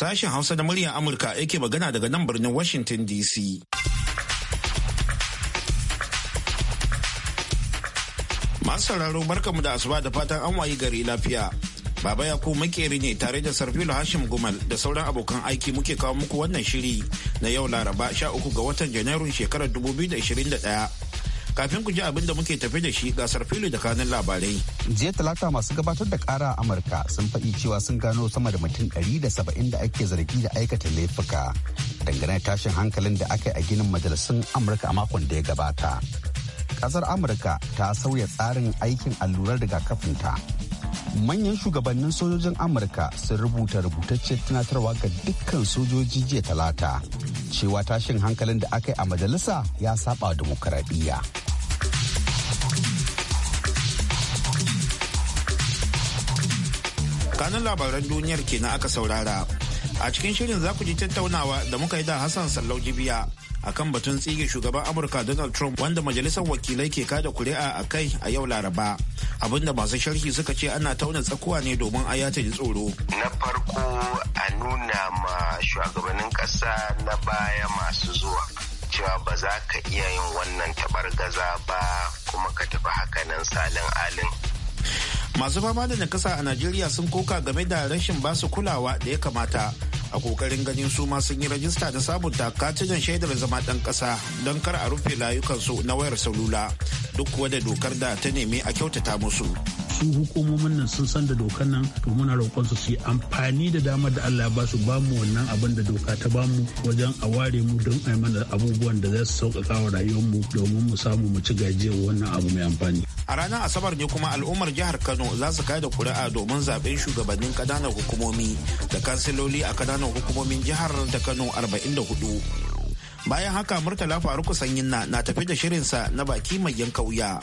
Sashen Hausa da muryar Amurka yake magana daga nan birnin Washington DC. Masu sauraro barkamu da asuba da fatan an wayi gari lafiya. Baba Yakubu makeri ne tare da Sarfilo Hashim Gumal da sauran abokan aiki muke kawo muku wannan shiri na yau Laraba 13 ga watan Janairun shekarar 2021. kafin ku ji abin da muke tafi da shi gasar fili da kanin labarai. Jiya talata masu gabatar da kara a Amurka sun faɗi cewa sun gano sama da mutum ɗari da saba'in da ake zargi da aikata laifuka dangane tashin hankalin da aka yi a ginin majalisun Amurka a makon da ya gabata. ƙasar Amurka ta sauya tsarin aikin allurar rigakafinta manyan shugabannin sojojin amurka sun rubuta rubutacciyar tunatarwa ga dukkan sojoji jiya talata cewa tashin hankalin da aka yi a majalisa ya saba dimokuraɗiyya kanin labaran duniyar kenan aka saurara. A cikin shirin za ku ji tattaunawa da muka yi da Hassan Sallau Jibiya kan batun tsige shugaban Amurka Donald Trump wanda majalisar wakilai ke kada kuri'a a kai a yau Laraba. Abinda masu sharhi suka ce ana tauna tsakuwa ne domin a yata ji tsoro. Na farko a nuna ma shugabannin ƙasa na baya masu zuwa cewa ba za ka iya yin wannan tabar gaza ba kuma ka tafi hakanan salin alin. masu fama da nakasa a najeriya sun koka game da rashin basu kulawa da ya kamata a kokarin ganin su ma sun yi rajista na samun takatijan shaidar zama dan kasa don kar a rufe layukansu na wayar salula duk kuwa da dokar da ta nemi a kyautata musu su hukumomin nan sun san da dokan nan to muna roƙon su su yi amfani da damar da Allah ya ba su ba mu wannan abin da doka ta ba mu wajen a ware mu don a mana abubuwan da za su sauƙaƙa wa rayuwarmu domin mu samu mu ci gajiyar wannan abu mai amfani. A ranar Asabar ne kuma al'ummar jihar Kano za su kai da kuri'a domin zaɓen shugabannin kananan hukumomi da kansiloli a kananan hukumomin jihar ta Kano 44. Bayan haka Murtala Faruku Sanyin na tafi da shirinsa na baki mai yanka wuya.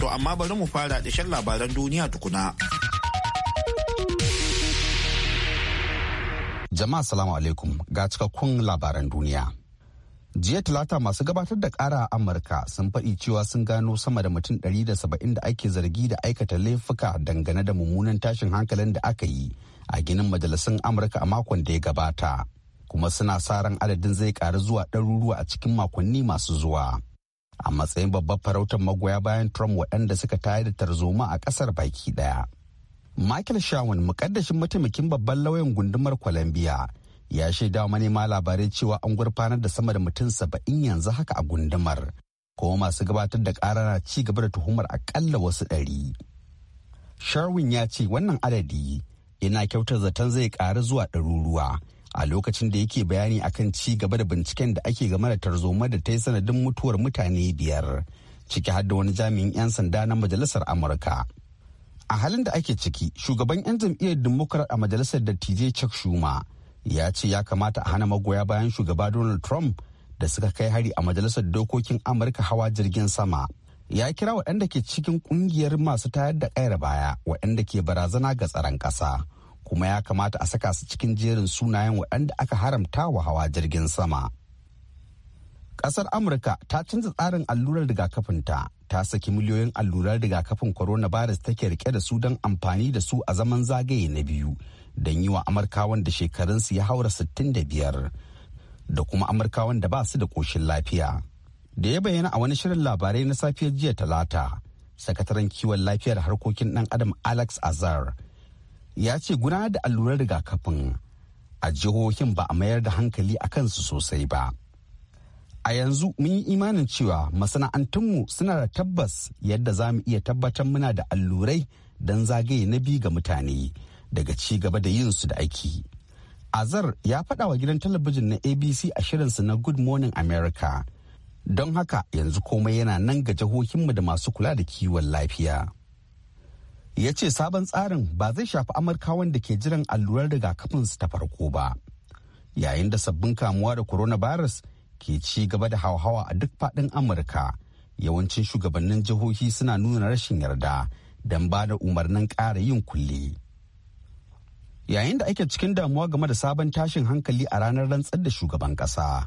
To amma bari mu fara da labaran duniya tukuna. Jama'a salamu alaikum ga cikakkun labaran duniya. Jiya talata masu gabatar da kara a Amurka sun faɗi cewa sun gano sama da mutum ɗari da saba'in da ake zargi da aikata laifuka dangane da mummunan tashin hankalin da aka yi a ginin majalisun Amurka a makon da ya gabata. Kuma suna sa ran adadin zai ƙaru zuwa ɗaruruwa a cikin makonni masu zuwa. a matsayin babbar farautar magoya bayan Trump waɗanda suka tayar da tarzoma a ƙasar baki ɗaya. Michael shawon mukaddashin mataimakin babban lauyan gundumar Columbia ya shaida manema labarai cewa an gurfanar da sama da mutum saba'in yanzu haka a gundumar kuma masu gabatar da ƙara na ci gaba da tuhumar aƙalla wasu ɗari. Sharwin ya ce wannan adadi ina kyautar zaton zai ƙaru zuwa ɗaruruwa a lokacin da yake bayani akan ci gaba da binciken da ake game da tarzoma da ta yi sanadin mutuwar mutane biyar ciki har da wani jami'in 'yan sanda na majalisar amurka a halin da ake ciki shugaban 'yan jam'iyyar democrat a majalisar dattijai chuck schumer ya ce ya kamata a hana magoya bayan shugaba donald trump da suka kai hari a majalisar dokokin amurka hawa jirgin sama ya kira waɗanda ke cikin ƙungiyar masu tayar da ƙayar baya waɗanda ke barazana ga tsaron ƙasa kuma ya kamata a saka su cikin jerin sunayen waɗanda aka haramta wa hawa jirgin sama. Ƙasar Amurka ta canza tsarin allurar rigakafinta ta saki miliyoyin allurar rigakafin coronavirus take rike da su don amfani da su a zaman zagaye na biyu don yi wa Amurkawan da shekarunsu ya haura 65 da kuma Amurkawan da ba su da ƙoshin lafiya. Da ya bayyana a wani shirin labarai na safiyar jiya talata, sakataren kiwon lafiyar harkokin ɗan adam Alex Azar ya ce gudanar da allurar rigakafin a jihohin ba a mayar da hankali a kansu sosai ba. A yanzu mun yi imanin cewa masana'antunmu suna da tabbas yadda za mu iya tabbatar muna da allurai don zagaye na biyu ga mutane daga ci gaba da yin su da aiki. Azar ya faɗa wa gidan talabijin na ABC a shirinsu na Good Morning America. Don haka yanzu komai yana nan ga jihohinmu da masu kula da kiwon lafiya. ya ce sabon tsarin ba zai shafi Amurka wanda ke jiran allurar rigakafin su ta farko ba yayin da sabbin kamuwa da coronavirus ke ci gaba da hauhawa a duk faɗin amurka yawancin shugabannin jihohi suna nuna rashin yarda don ba da umarnin ƙara yin kulle yayin da ake cikin damuwa game da sabon tashin hankali a ranar rantsar da shugaban ƙasa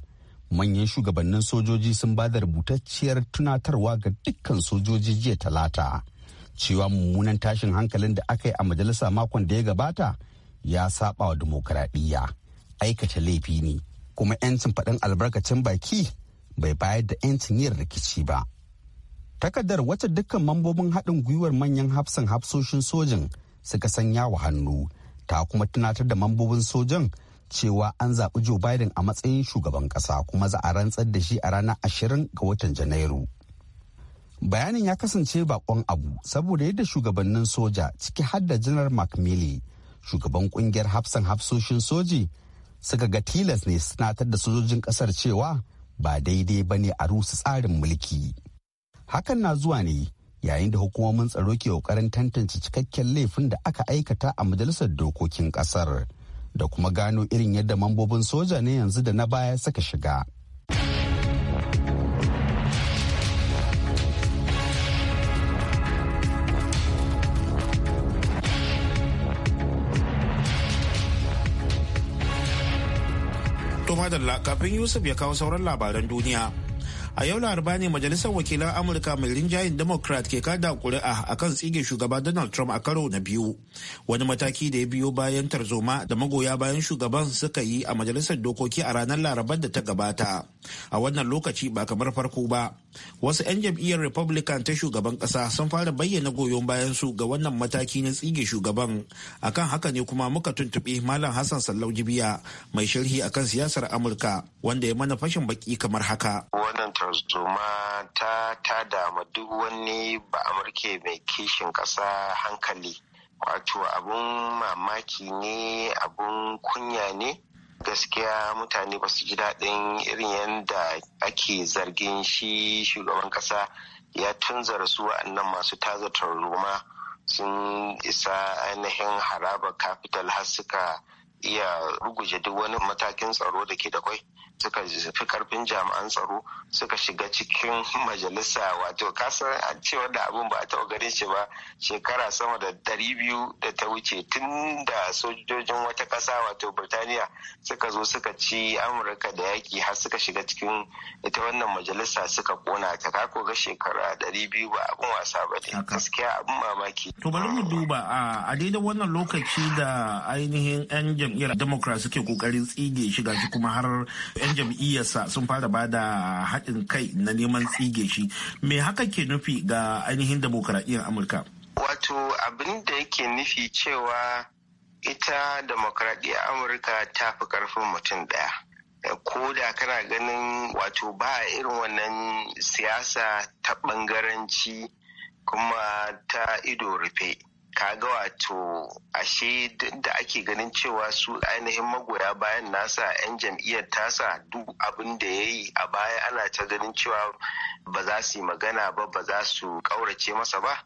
manyan shugabannin sojoji sun ba da rubutacciyar tunatarwa ga dukkan sojoji jiya talata cewa mummunan tashin hankalin da aka yi a majalisa makon da ya gabata ya saba wa dimokuraɗiyya aikata laifi ne kuma 'yancin faɗin albarkacin baki bai bayar da 'yancin yin rikici ba takardar wacce dukkan mambobin haɗin gwiwar manyan hafsan hafsoshin sojin suka sanya wa hannu ta kuma tunatar da mambobin sojin cewa an zaɓi Joe Biden a matsayin shugaban ƙasa kuma za a rantsar da shi a ranar ashirin ga watan Janairu. bayanin ya kasance bakon abu saboda yadda shugabannin soja ciki har da janar macmillan shugaban kungiyar hafsan hafsoshin soji suka ga tilas ne sanatar da sojojin kasar cewa ba daidai ba ne a rusa tsarin mulki hakan na zuwa ne yayin da hukumomin tsaro ke kokarin tantance cikakken laifin da aka aikata a majalisar dokokin kasar da kuma gano irin yadda mambobin soja ne yanzu da na baya suka shiga To madalla kafin Yusuf ya kawo sauran labaran duniya. A yau laraba ne majalisar wakilan Amurka mai rinjayen Democrat ke kada kuri'a kan tsige shugaba Donald Trump a karo na biyu. Wani mataki da ya biyo bayan tarzoma da magoya bayan shugaban suka yi a majalisar dokoki a ranar larabar da ta gabata. A wannan lokaci ba kamar farko ba. wasu 'yan jam'iyyar republican ta shugaban kasa sun fara bayyana goyon bayan su ga wannan mataki na tsige shugaban akan haka ne kuma muka tuntuɓi malam hassan sallau jibiya mai sharhi akan siyasar amurka wanda ya mana fashin baki kamar haka wannan tarzoma ta ta dama duk wani ba amurke mai kishin kasa hankali wato abun mamaki ne abun kunya ne gaskiya mutane ba su ji daɗin irin yadda ake zargin shi shugaban ƙasa ya tunzara su wa'annan masu tazatar roma sun isa ainihin haraba kafital har suka iya ruguje duk wani matakin tsaro da ke da kwai suka fi karfin jami'an tsaro suka shiga cikin majalisa wato kasar a cewar da abin ba a taɓa ganin shi ba shekara sama da ɗari biyu da ta wuce tun da sojojin wata ƙasa wato birtaniya suka zo suka ci amurka da yaƙi har suka shiga cikin ita wannan majalisa suka kona ta kako ga shekara ɗari biyu ba abin wasa ba ne gaskiya abin mamaki. to bari mu duba a daidai wannan lokaci da ainihin 'yan jam'iyyar democrat suke kokarin tsige shiga shi kuma har 'yan 'yan jam'iyyarsa sun fara ba da haɗin kai na neman tsige shi me haka ke nufi ga ainihin demokuraɗiyyar amurka wato abin da yake nufi cewa ita demokuraɗiyyar amurka ta fi karfin mutum ɗaya ko da kana ganin wato ba irin wannan siyasa ta ɓangaranci kuma ta ido rufe kaga wato ashe da ake ganin cewa su ainihin magoya bayan nasa 'yan jam'iyyar tasa duk abin da ya yi a baya ana ta ganin cewa ba za su yi magana ba ba za su ƙaurace masa ba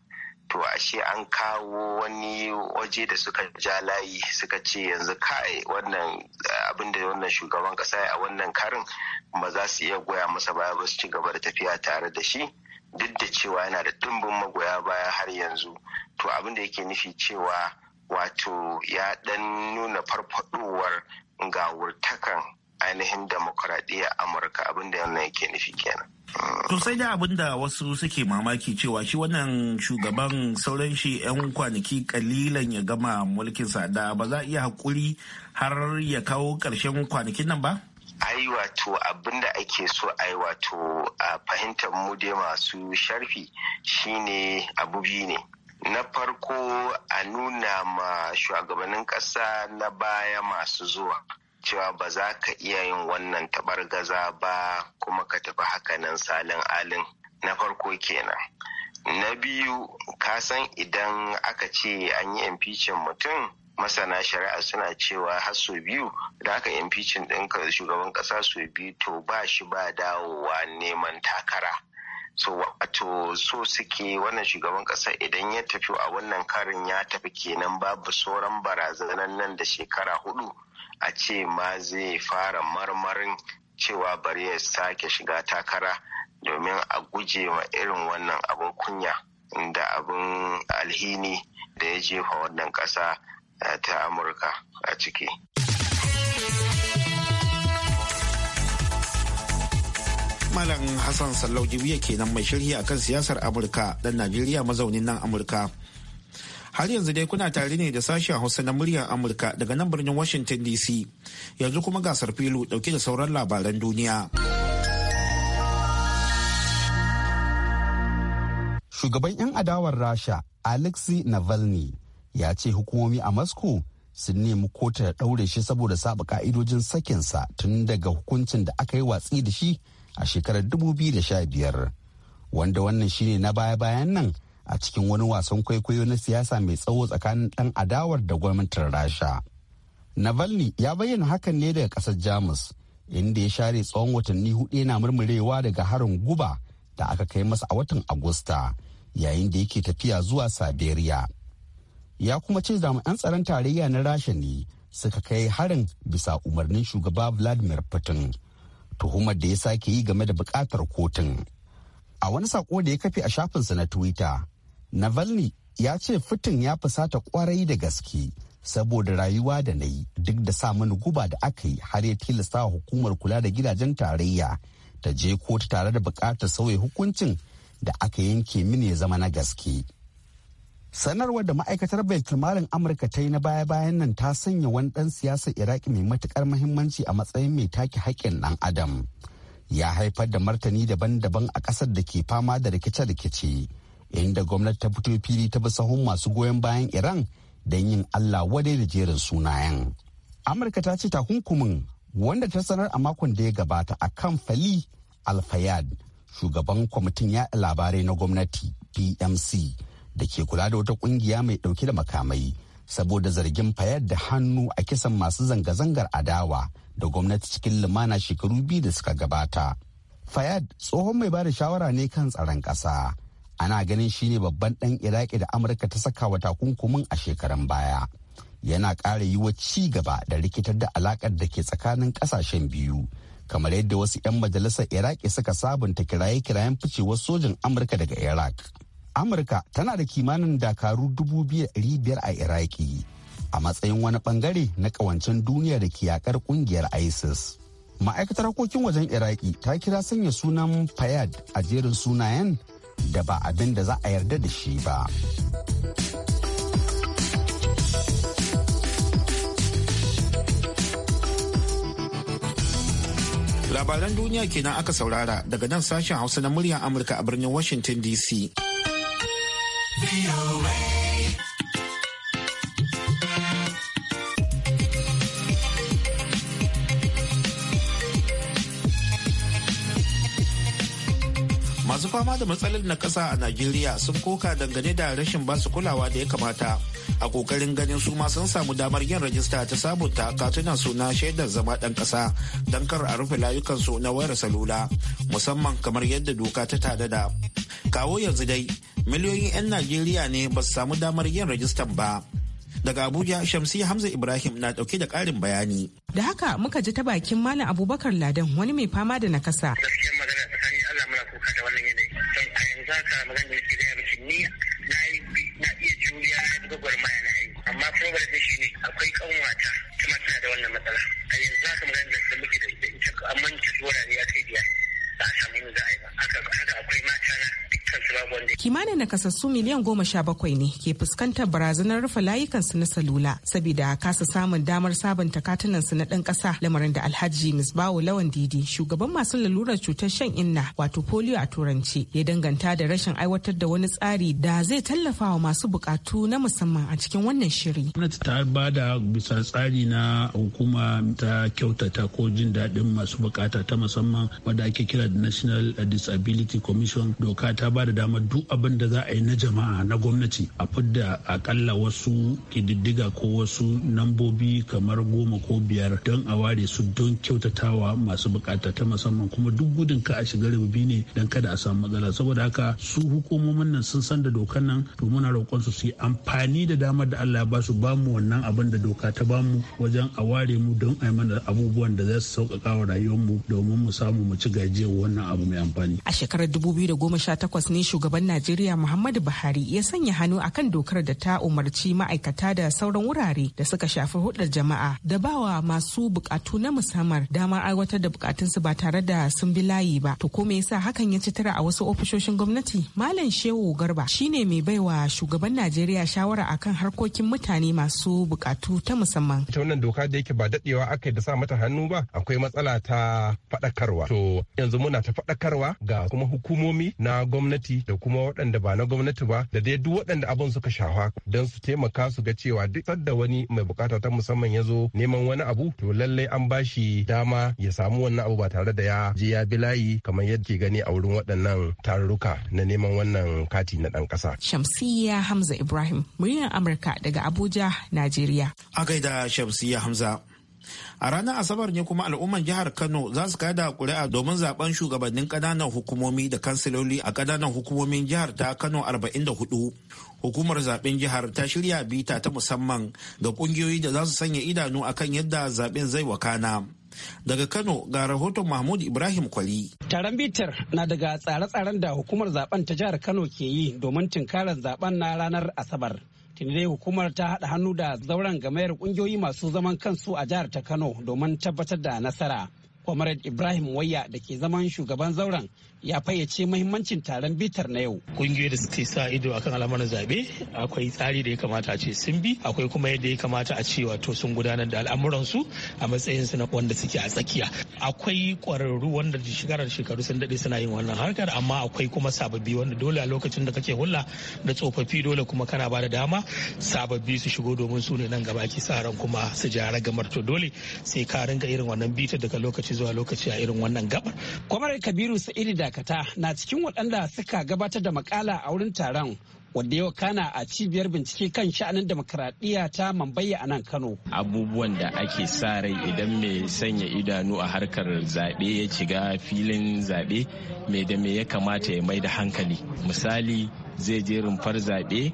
to ashe an kawo wani waje da suka ja layi suka ce yanzu kai wannan abin da wannan shugaban kasa a wannan karin ba za su iya goya masa baya ba su ci gaba da tafiya tare da shi duk da cewa yana da dimbin magoya baya har yanzu to abin da yake nufi cewa wato ya dan nuna farfadowar gawurtakan ainihin demokuraɗiyyar amurka abin da yana yake nufi kenan To sai da abin da wasu suke mamaki cewa shi wannan shugaban sauran shi 'yan kwanaki kalilan ya gama mulkin sada ba za a iya haƙuri har ya kawo ƙarshen kwanakin nan ba? ai wato abinda ake so ai wato a fahimtar mu dai masu sharfi shine abu biyu ne na farko a nuna ma shugabannin ƙasa na baya masu zuwa cewa ba za ka iya yin wannan gaza ba kuma ka tafi haka nan salin alin na farko kenan na biyu kasan idan aka ce an yi impeachment mutum masana shari'a suna cewa har sau biyu da aka impeachment ɗin shugaban ƙasa sau biyu to ba shi ba dawowa neman takara so wato so suke wannan shugaban ƙasa idan ya tafi a wannan karin ya tafi kenan babu sauran barazanar nan da shekara hudu a ce ma zai fara marmarin cewa bari ya sake shiga takara domin a guje ma irin wannan abin kunya da abin alhini da ya jefa wannan ƙasa ta amurka a ciki Malam Hassan Sallau Jibiya nan mai shirhi a kan siyasar Amurka dan Najeriya mazaunin nan Amurka. Har yanzu dai kuna tare ne da sashen Hausa na muryar Amurka daga nan birnin Washington DC. Yanzu kuma gasar filu dauke da sauran labaran duniya. Shugaban 'yan adawar Rasha, Alexei Navalny ya ce hukumomi a moscow sun nemi kotu da ɗaure shi saboda saba ka'idojin sakinsa tun daga hukuncin da aka yi watsi da shi a shekarar 2015 wanda wannan shine na baya-bayan nan a cikin wani wasan kwaikwayo na siyasa mai tsawo tsakanin dan adawar da gwamnatin rasha navalny ya bayyana hakan ne daga ƙasar jamus inda ya share tsawon watanni hudu yana murmurewa daga harin guba da aka kai masa a watan agusta yayin da yake tafiya zuwa siberia ya kuma ce jami'an tsaron tarayya na rasha ne suka kai harin bisa umarnin shugaba vladimir putin tuhumar da ya sake yi game da bukatar kotun a wani sako da ya kafe a shafinsa na twitter navalny ya ce fitin ya fusata kwarai da gaske saboda rayuwa da na yi duk da sa mani guba da aka yi har ya tilasta wa hukumar kula da gidajen tarayya ta je kotu tare da bukatar sauya hukuncin da aka yanke mini ya zama na gaske sanarwar da ma'aikatar baitulmalin amurka ta yi na baya-bayan nan ta sanya wani ɗan siyasar iraki mai matukar mahimmanci a matsayin mai take haƙƙin ɗan adam ya haifar da martani daban-daban a ƙasar da ke fama da rikice-rikice inda gwamnati ta fito fili ta bi sahun masu goyon bayan iran don yin allah wadai da jerin sunayen amurka ta ce takunkumin wanda ta sanar a makon da ya gabata a kan fali alfayad shugaban kwamitin ya labarai na gwamnati pmc da ke kula da wata kungiya mai dauke da makamai saboda zargin fayar da hannu a kisan masu zanga-zangar adawa da gwamnati cikin lumana shekaru biyu da suka gabata. Fayad tsohon mai bada shawara ne kan tsaron ƙasa. Ana ganin shi ne babban ɗan Iraki da Amurka ta saka wa takunkumin a shekaran baya. Yana ƙara yi wa ci gaba da rikitar da alaƙar da ke tsakanin ƙasashen biyu. Kamar yadda wasu 'yan majalisar Iraki suka sabunta kiraye-kirayen ficewar sojin Amurka daga Iraq. amurka tana da kimanin dakaru 2,500 a iraki a matsayin wani bangare na kawancen duniya da ke yakar kungiyar isis ma'aikatar harkokin wajen iraki ta kira sanya sunan fayad a jerin sunayen da ba abin da za a yarda da shi ba labaran duniya kenan aka saurara daga nan sashen hausa na muryar amurka a birnin washington dc masu fama da matsalar na ƙasa a Najeriya sun koka dangane da rashin basu kulawa da ya kamata a kokarin ganin su ma sun samu damar yin rajista ta sabunta katunan su na shaidar zama dan kasa don kar a rufe layukan su na wayar salula musamman kamar yadda doka ta tada da kawo yanzu dai miliyoyin 'yan najeriya ne ba su samu damar yin rajistan ba daga abuja shamsi hamza ibrahim na dauke da karin bayani da haka muka ji ta bakin malam abubakar ladan wani mai fama da nakasa magana tsakanin allah kuka da wannan yanayi don a yanzu haka na yi iya juriya amma kuma da shi ne akwai kanwata kuma tana da wannan matsala a yanzu haka magana da muke da ita an manta wurare Kimanin nakasassu miliyan goma sha bakwai ne ke fuskantar barazanar rufe layukansu na salula saboda kasa samun damar sabunta katunansu na ɗan ƙasa lamarin da Alhaji Misbawo Lawan Didi shugaban masu lalurar cutar shan inna wato polio a turanci ya danganta da rashin aiwatar da wani tsari da zai tallafa wa masu bukatu na musamman a cikin wannan shiri. Gwamnati ta ba da bisa tsari na hukuma ta kyautata ko jin daɗin masu bukata ta musamman wanda ake kira da National Disability Commission doka ta ba da damar duk abin da za a yi na jama'a na gwamnati a fidda akalla wasu kididdiga ko wasu nambobi kamar goma ko biyar don a ware su don kyautatawa masu bukata ta musamman kuma duk gudun ka a shiga rububi ne don kada a samu matsala saboda haka su hukumomin nan sun san da dokan nan to muna roƙon su su yi amfani da damar da Allah ya ba su ba mu wannan abin da doka ta ba mu wajen a ware mu don a yi mana abubuwan da za su sauƙaƙa wa rayuwar mu domin mu samu mu ci gajiyar wannan abu mai amfani. A shekarar 2018 ne shugaban shugaban Najeriya Muhammadu Buhari ya sanya hannu akan dokar da ta umarci ma'aikata da sauran wurare da suka shafi hudar jama'a da bawa masu bukatu na musamman damar aiwatar da bukatunsu ba tare da sun bi layi ba. To ko me yasa hakan ya ci tara a wasu ofishoshin gwamnati? Malam Shehu Garba shine mai baiwa shugaban Najeriya shawara akan harkokin mutane masu bukatu ta musamman. Ita wannan doka da yake ba dadewa aka da sa mata hannu ba akwai matsala ta faɗakarwa. To yanzu muna ta faɗakarwa ga kuma hukumomi na gwamnati da kuma waɗanda ba na gwamnati ba da dai duk waɗanda abin suka shafa don su taimaka su ga cewa duk da wani mai bukata ta musamman ya zo neman wani abu to lallai an ba shi dama ya samu wannan abu ba tare da ya je ya bi layi kamar yadda ke gani a wurin waɗannan tarurruka na neman wannan kati na ɗan ƙasa. Shamsiyya Hamza Ibrahim, muryar Amurka daga Abuja, Najeriya. A gaida Shamsiyya Hamza. a ranar asabar ne kuma al'umman jihar kano za su kada kuri'a domin zaben shugabannin ƙananan hukumomi da kansiloli a kananan hukumomin jihar ta kano 44 hukumar zaben jihar ta shirya bita ta musamman ga ƙungiyoyi da za su sanya idanu akan yadda zaben zai wakana daga kano ga rahoton mahmud ibrahim kwali taron bitar na daga tsare-tsaren da hukumar zaben ta jihar kano ke yi domin tunkarar zaben na ranar asabar tuni dai hukumar ta haɗa hannu da zauren gamayar ƙungiyoyi masu zaman kansu a jihar ta kano domin tabbatar da nasara comrade ibrahim wayya da ke zaman shugaban zauren ya fayyace mahimmancin taron bitar na yau kungiyoyi da suke sa ido akan al'amuran zaɓe akwai tsari da ya kamata a ce sun bi akwai kuma yadda ya kamata a ce wato sun gudanar da al'amuran su a matsayin su na wanda suke a tsakiya akwai ƙwararru wanda shekarar shekaru sun dade suna yin wannan harkar amma akwai kuma sababbi wanda dole a lokacin da kake hulla da tsofaffi dole kuma kana ba da dama sababbi su shigo domin su ne nan gaba ki sa ran kuma su jara gamar to dole sai ka ringa irin wannan bitar daga lokacin zuwa lokaci a irin wannan gabar. Kwamar Kabiru Sa'idu Dakata na cikin waɗanda suka gabatar da makala a wurin taron wanda ya kana a cibiyar bincike kan sha'anin demokaradiyya ta mambayya a nan kano abubuwan da ake sa rai idan mai sanya idanu a harkar zaɓe ya shiga filin zaɓe mai da me ya kamata ya mai da hankali misali zai je rumfar zaɓe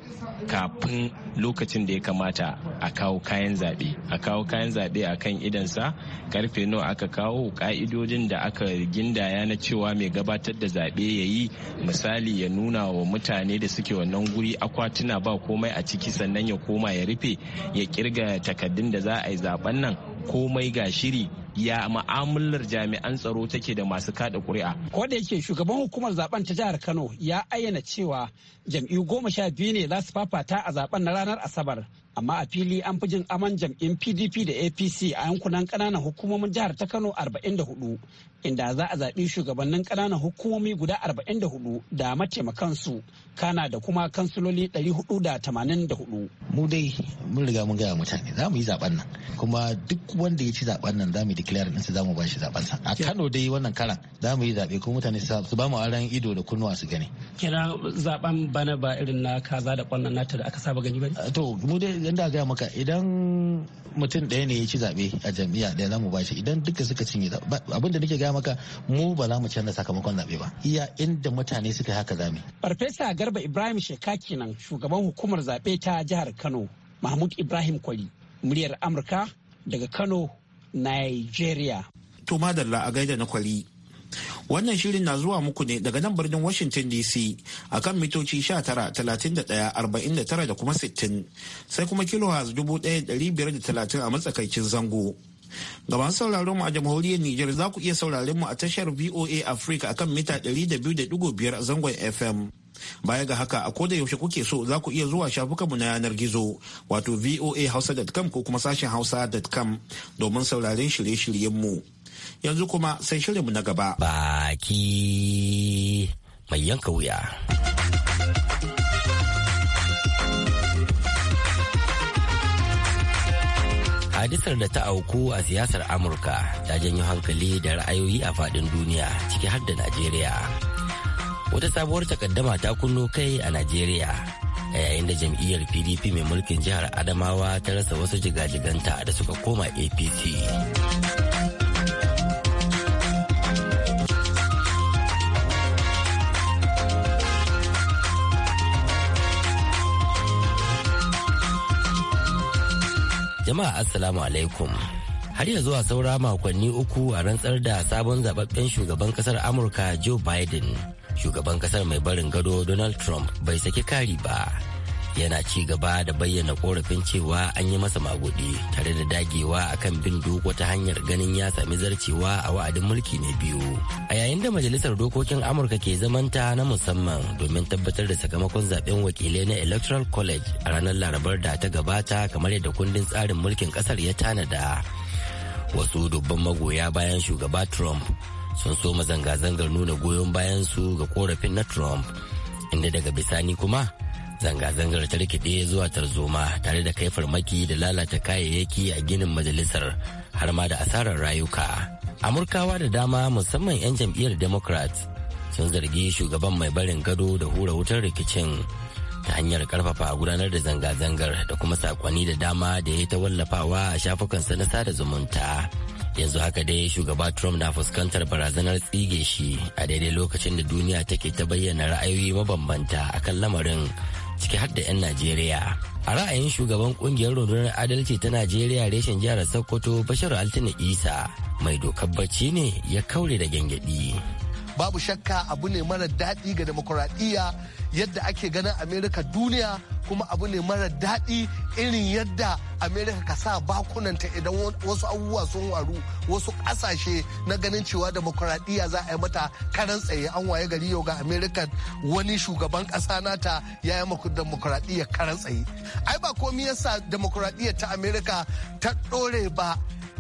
kafin lokacin da ya kamata a kawo kayan zaɓe a kawo kayan zaɓe a kan idansa karfe nawa aka kawo ka'idojin da aka gindaya na cewa mai gabatar da zaɓe ya yi misali ya nuna wa mutane da suke wannan guri akwatuna ba komai a ciki sannan ya koma ya rufe ya kirga takaddun da za a yi zaben nan komai ga shiri ya ma'amular jami'an tsaro take da masu kada kuri'a. Ko da yake shugaban hukumar zaben ta jihar Kano ya ayyana cewa jam'iyyu goma sha biyu ne za su fafata a zaben na ranar Asabar. Amma a fili an fi jin aman jam'in PDP da APC a yankunan ƙananan hukumomin jihar ta Kano arba'in da hudu. inda za a zaɓi shugabannin ƙananan hukumomi guda 44 da mataimakansu kana da kuma kansuloli 484. Mu dai mun riga mun gaya mutane za mu yi zaben nan kuma duk wanda ya ci zaben nan za mu yi declare ɗinsa za mu ba shi zaben sa. A Kano dai wannan karan za mu yi zaɓe ko mutane su ba mu aran ido da kunnuwa su gani. Kira zaben bana ba irin na kaza da ƙwannan nata da aka saba gani ba. To mu dai inda gaya maka idan mutum ɗaya ne ya ci zaɓe a jam'iyya ɗaya za mu ba shi idan duka suka cinye abinda nake gaya maka mu ba za mu canza sakamakon zaɓe ba iya inda mutane suka haka zame. farfesa garba ibrahim sheka kenan shugaban hukumar zaɓe ta jihar kano mahmud ibrahim kwali muryar amurka daga kano nigeria. to madalla a gaida na kwali Wannan shirin na zuwa muku ne daga nan birnin Washington DC a kan mitoci talatin da kuma 60 sai kuma da 1,530 a matsakaicin zango. Ga masu sauraron mu a jamhuriyar Nijar za ku iya sauraron mu a tashar VOA Africa akan mita 200.5 zangon FM. Baya ga haka a koda yaushe kuke so za ku iya zuwa shafukanmu na yanar gizo wato voahausa.com ko kuma sashen hausa.com domin sauraron shirye shiryen mu Yanzu kuma sai shirinmu na gaba. Baki mai yanka wuya. hadisar da ta auku a siyasar amurka ta janyo hankali da ra'ayoyi a faɗin duniya ciki har da najeriya wata sabuwar takaddama ta kunno kai a najeriya a yayin da jam'iyyar pdp mai mulkin jihar adamawa ta rasa wasu jigajiganta da suka koma apc Jama'a Assalamu alaikum. Har ya zuwa saura makonni uku a rantsar da sabon zababben shugaban kasar Amurka Joe Biden. Shugaban kasar mai barin gado Donald Trump bai saki kari ba. yana ci gaba da bayyana korafin cewa an yi masa magudi tare da dagewa a kan bin duk wata hanyar ganin ya sami zarcewa a wa'adin mulki na biyu a yayin da majalisar dokokin amurka ke zamanta na musamman domin tabbatar da sakamakon zaben wakilai na electoral college a ranar larabar da ta gabata kamar yadda kundin tsarin mulkin kasar ya tanada wasu dubban magoya bayan shugaba trump sun soma zanga-zangar nuna goyon bayan su ga korafin na Trump, inda daga bisani kuma zanga-zangar ta rikide zuwa tarzoma tare da kai farmaki da lalata kayayyaki a ginin majalisar har ma da asarar rayuka amurkawa da dama musamman 'yan jam'iyyar democrat sun zargi shugaban mai barin gado da hura wutar rikicin ta hanyar karfafa gudanar da zanga-zangar da kuma sakonni da dama da ya ta wallafawa a shafukansa na sada zumunta yanzu haka dai shugaba trump na fuskantar barazanar tsige shi a daidai lokacin da duniya take ta bayyana ra'ayoyi mabambanta akan lamarin ciki har da 'yan Najeriya. A ra'ayin shugaban kungiyar rundunar adalci ta Najeriya reshen jihar Sokoto Bashir Altina Isa mai dokar bacci ne ya kaure da gyangyaɗi. babu shakka abu ne mara daɗi ga demokuraɗiyya yadda ake ganin amerika duniya kuma abu ne mara daɗi irin yadda amerika ka sa bakunanta idan wasu abubuwa sun waru wasu ƙasashe na ganin cewa demokuraɗiyya za a yi mata karan tsaye an waye gari yau ga amerika wani shugaban ƙasa nata ya yi maku demokuraɗiyya karan tsaye ai ba komi yasa demokuraɗiyya ta amerika ta ɗore ba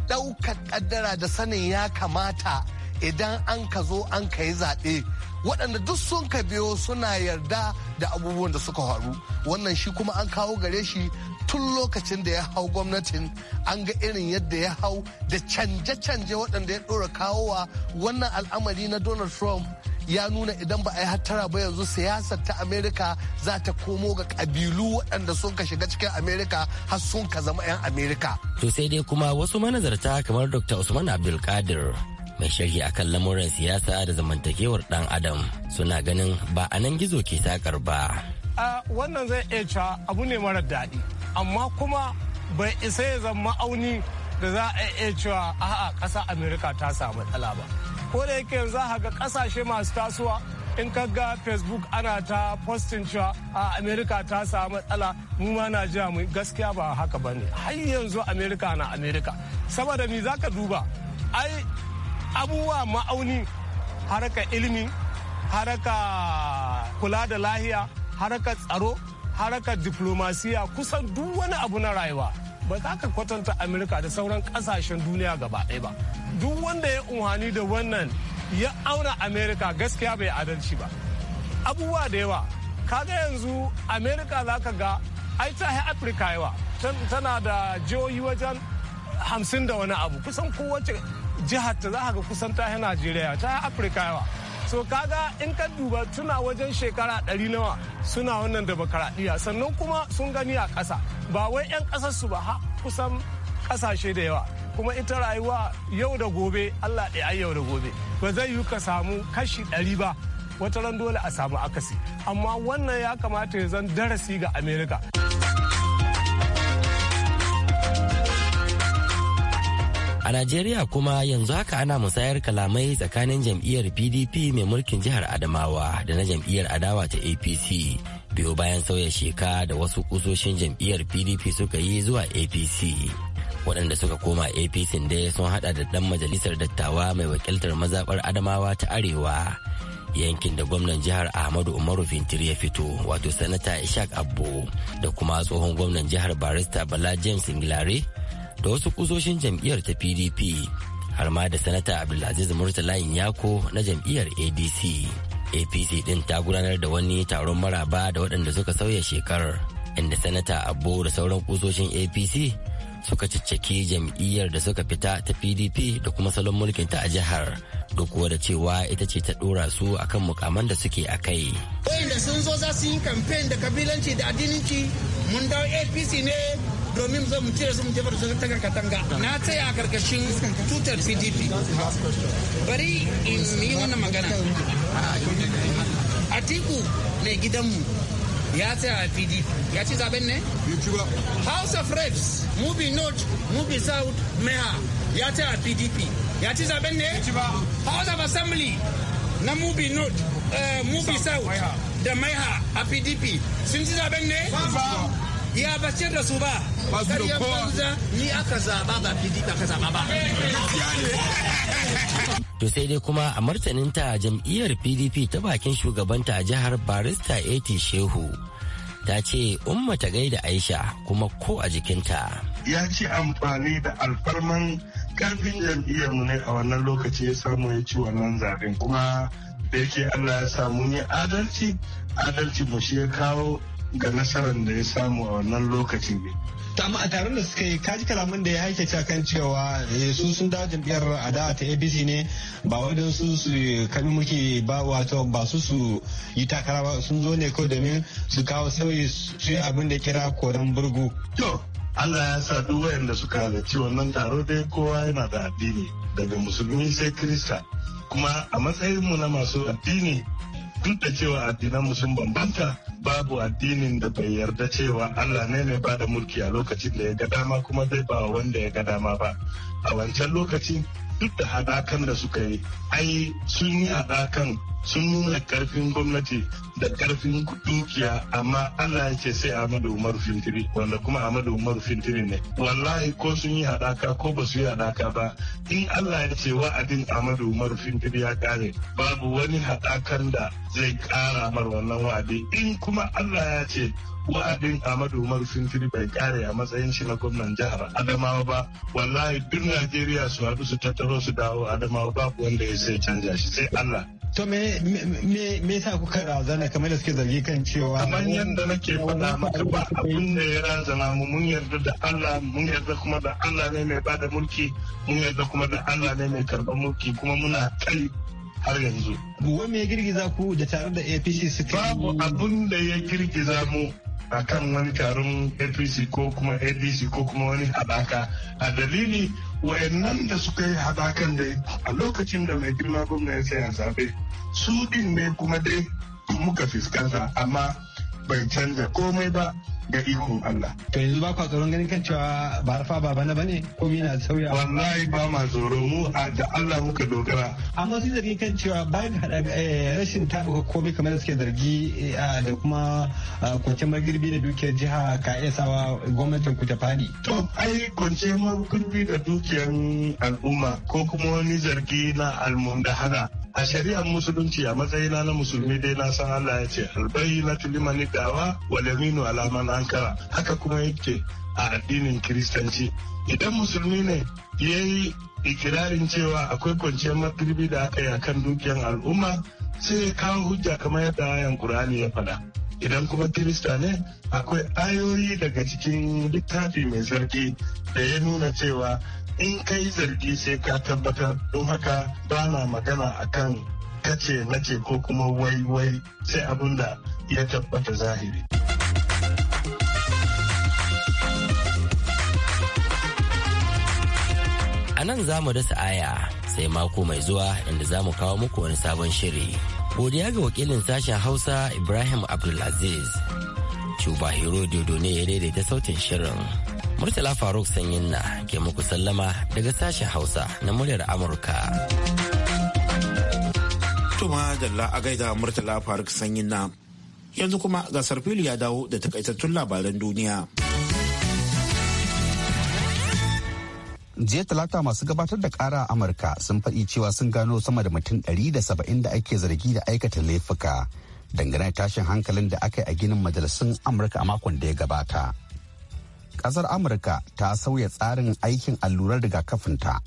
ɗaukar ƙaddara da sanin ya kamata idan an ka zo an ka yi zaɓe waɗanda duk sun ka biyo suna yarda da abubuwan da suka faru wannan shi kuma an kawo gare shi tun lokacin da ya hau gwamnatin an ga irin yadda ya hau da canje-canje waɗanda ya ɗora kawowa wannan al'amari na donald trump ya nuna idan ba a yi hattara ba yanzu siyasar ta amerika za ta komo ga kabilu waɗanda sun ka shiga cikin amerika har sun ka zama 'yan amerika to sai dai kuma wasu manazarta kamar dr usman abdulkadir mai sharhi akan lamuran siyasa da zamantakewar dan adam suna ganin ba a nan gizo ke sakar ba wannan zai iya cewa abu ne marar daɗi amma kuma bai isa ya zama auni da za a iya cewa a'a ƙasa amerika ta samu matsala ba ko da yake yanzu ga ƙasashe masu tasowa in ka ga facebook ana ta postin cewa a america ta samu matsala mu ma na jiya mu gaskiya ba haka ba ne har yanzu america na america saboda za zaka duba ai abubuwa ma'auni haraka ilimi haraka kula da lahiya haraka tsaro haraka diplomasiya kusan duk wani abu na rayuwa ba za ka kwatanta amurka da sauran kasashen duniya gaba ɗaya ba duk wanda ya unhani da wannan ya auna amerika gaskiya bai adalci ba abubuwa da yawa kaga yanzu amerika za ka ga ai ta afirka yawa tana da jihohi wajen hamsin da wani abu kusan kowace jihar ta za ga kusan ta yi najeriya ta afirka yawa so kaga in ka duba tuna wajen shekara ɗari nawa suna wannan demokaradiyya sannan kuma sun gani a ƙasa ba wai 'yan ƙasarsu ba ha kusan ƙasashe da yawa kuma ita rayuwa yau da gobe allah ɗaya yau da gobe ba zai yi ka samu kashi ɗari ba wata ran dole a samu akasi amma wannan ya kamata ya zan darasi ga amerika A Najeriya kuma yanzu haka ana musayar kalamai tsakanin jam'iyyar PDP mai mulkin jihar Adamawa da na jam'iyyar adawa ta APC biyo bayan sauya sheka da wasu kusoshin jam'iyyar PDP suka yi zuwa APC. Waɗanda suka koma APC dai sun hada da ɗan majalisar dattawa mai wakiltar mazaɓar Adamawa ta Arewa. yankin da gwamnan jihar ahmadu umaru fintiri ya fito wato sanata ishaq abbo da kuma tsohon gwamnan jihar barista bala james inglare da wasu kusoshin jam'iyyar ta pdp har ma da sanata abdulaziz Murtala yako na jam'iyyar adc apc din ta gudanar da wani taron maraba da waɗanda suka sauya shekarar inda sanata abu da sauran kusoshin apc suka cicciki jam'iyyar da suka fita ta pdp da kuma salon mulkin ta a jihar duk da cewa ita ce ta dora su akan mukaman da suke a kai wayanda sun zo za su yi kamfen da kabilanci da addininci mun dawo apc ne domin zan cire su mu da su ta katanga na tsaya a karkashin tutar pdp bari in yi wannan magana A atiku mai gidanmu ya tsaya a pdp ya ci zaben ne house of reps mubi north mubi south meha ya tsaya a pdp ya ci zaben ne house of assembly na mubi north eh, mubi south da meha a pdp sun ci zaben ne ya bacin da su ba ni aka zaba ba pdp aka zaba ba to sai dai kuma a martaninta jam'iyyar pdp ta bakin shugabanta a jihar barista at shehu ta ce umma ta gaida aisha kuma ko a jikinta ya ce amfani da alfarman karfin jam'iyyarmu ne a wannan lokaci ya samu ya ci wannan zaben kuma da yake allah ya samu ne adalci adalci mu shi ya kawo ga nasarar da ya samu a wannan lokacin ne. amma a taron da suka yi kaji kalaman da ya haike kan cewa eh, su sun dawo a da ta abc ne ba wajen su su kami muke ba wato ba su su yi takara ba sun zo ne kawai domin su kawo sauyi su yi abin da kira koren burgu. to Allah ya sa duk wayanda suka halarci wannan taro dai kowa yana da addini daga musulmi sai kirista kuma a matsayin mu na masu addini duk da cewa addinan sun bambanta babu addinin da bai yarda cewa Allah ne mai bada mulki a lokacin da ya ga dama kuma zai ba wanda ya ga dama ba a wancan lokacin duk da haɗakan da suka yi ai sun yi haɗakan sun nuna karfin gwamnati da karfin dukiya amma Allah ya ce sai Ahmadu Umaru Fintiri wanda kuma Ahmadu Umaru Fintiri ne wallahi ko sun yi hadaka ko ba su yi hadaka ba in Allah ya ce wa'adin Ahmadu Umaru Fintiri ya kare babu wani hadakan da zai kara mar wannan wa'adi in kuma Allah ya ce wa'adin Ahmadu Umaru Fintiri bai kare a matsayin shi na gwamnan jihar Adamawa ba wallahi duk Najeriya su haɗu su tattaro tsaro su dawo adamawa babu wanda ya sai canja shi sai Allah To me me me yasa kuka razana kamar da suke zargi kan cewa kamar yadda nake faɗa maka ba abin da ya razana mu mun yarda da Allah mun yarda kuma da Allah ne mai bada mulki mun yarda kuma da Allah ne mai karɓar mulki kuma muna kai har yanzu. Buwa me ya girgiza ku da tare da APC suka Babu abin da ya girgiza mu kan wani taron APC ko kuma ADC ko kuma wani haɗaka a dalili wayannan da suka yi haɗakan da a lokacin da mai girma gwamna ya tsaya zaɓe su ɗin ne kuma dai muka fuskanta amma bai canza komai ba ga ikon Allah. To yanzu ba kwa tsoron ganin kan cewa ba rafa ba bana bane ko mina sauya. Wallahi ba ma tsoro mu a da Allah muka dogara. Amma sun zargi kan cewa bayan hada eh, rashin taɓuka komai kamar da suke zargi eh, da kuma kwanciyar magirbi da dukiyar jiha ka iya sawa gwamnatin ku ta fadi. To ai kwanciyar magirbi da dukiyar al'umma ko kuma wani zargi na almundahana a shari'ar musulunci a matsayina na musulmi dai na san Allah ya ce albayi na tulimani dawa walaminu alaman ankara haka kuma yake a addinin kiristanci idan musulmi ne ya yi ikirarin cewa akwai kwanciyar magribi da aka yi kan dukiyar al'umma sai ya kawo hujja kamar yadda ayan qur'ani ya faɗa idan kuma kirista ne akwai ayoyi daga cikin littafi mai sarki da ya nuna cewa in ka yi zargi sai ka tabbatar don haka ba na magana a akan kace nace ko kuma wai wai sai abin da ya tabbata zahiri. A nan za mu dasa aya sai mako mai zuwa inda za mu kawo muku wani sabon shiri. Godiya ga wakilin sashen Hausa Ibrahim Abdulaziz. Cuba Hero Dodo ne ya daidaita sautin shirin. Murtala Faruk Sanyin na ke muku sallama daga sashen Hausa na muryar Amurka. Tuma da a gaida Murtala Faruk Sanyin na yanzu kuma gasar fili ya dawo da takaitattun labaran duniya. jiya talata masu gabatar da kara a amurka sun faɗi cewa sun gano sama da mutum 170 da ake zargi da aikata laifuka dangane tashin hankalin da aka yi a ginin majalisun amurka a makon da ya gabata kasar amurka ta sauya tsarin aikin allurar rigakafinta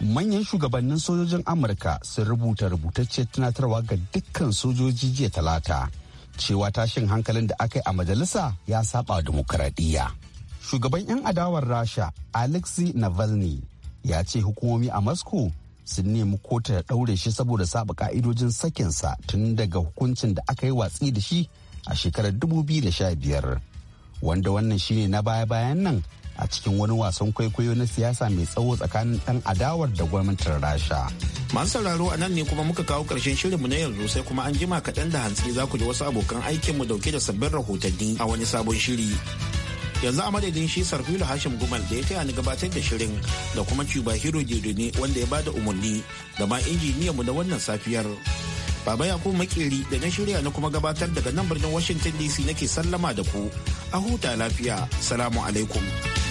manyan shugabannin sojojin amurka sun rubuta rubutacciyar tunatarwa ga dukkan sojoji jiya talata cewa tashin hankalin da aka yi a majalisa ya saba dimokuraɗiyya shugaban 'yan adawar rasha alexei navalny ya ce hukumomi a moscow sun nemi kotu da ɗaure shi saboda saba ka'idojin sakinsa tun daga hukuncin da aka yi watsi da shi a shekarar 2015 wanda wannan shine na baya-bayan nan a cikin wani wasan kwaikwayo na siyasa mai tsawo tsakanin dan adawar da gwamnatin rasha masu sauraro a nan ne kuma muka kawo karshen shirinmu na yanzu sai kuma an jima kaɗan da hantsi za ku ji wasu abokan aikinmu dauke da sabbin rahotanni a wani sabon shiri yanzu a madadin shi sarfilo hashim gumal da ya taya ni gabatar da shirin da kuma cuba hero ne wanda ya bada umarni da ma injiniyanmu na wannan safiyar Baba Yakubu Makeri da na shirya na kuma gabatar daga nan birnin Washington DC nake sallama da ku. A huta lafiya. Salamu alaikum.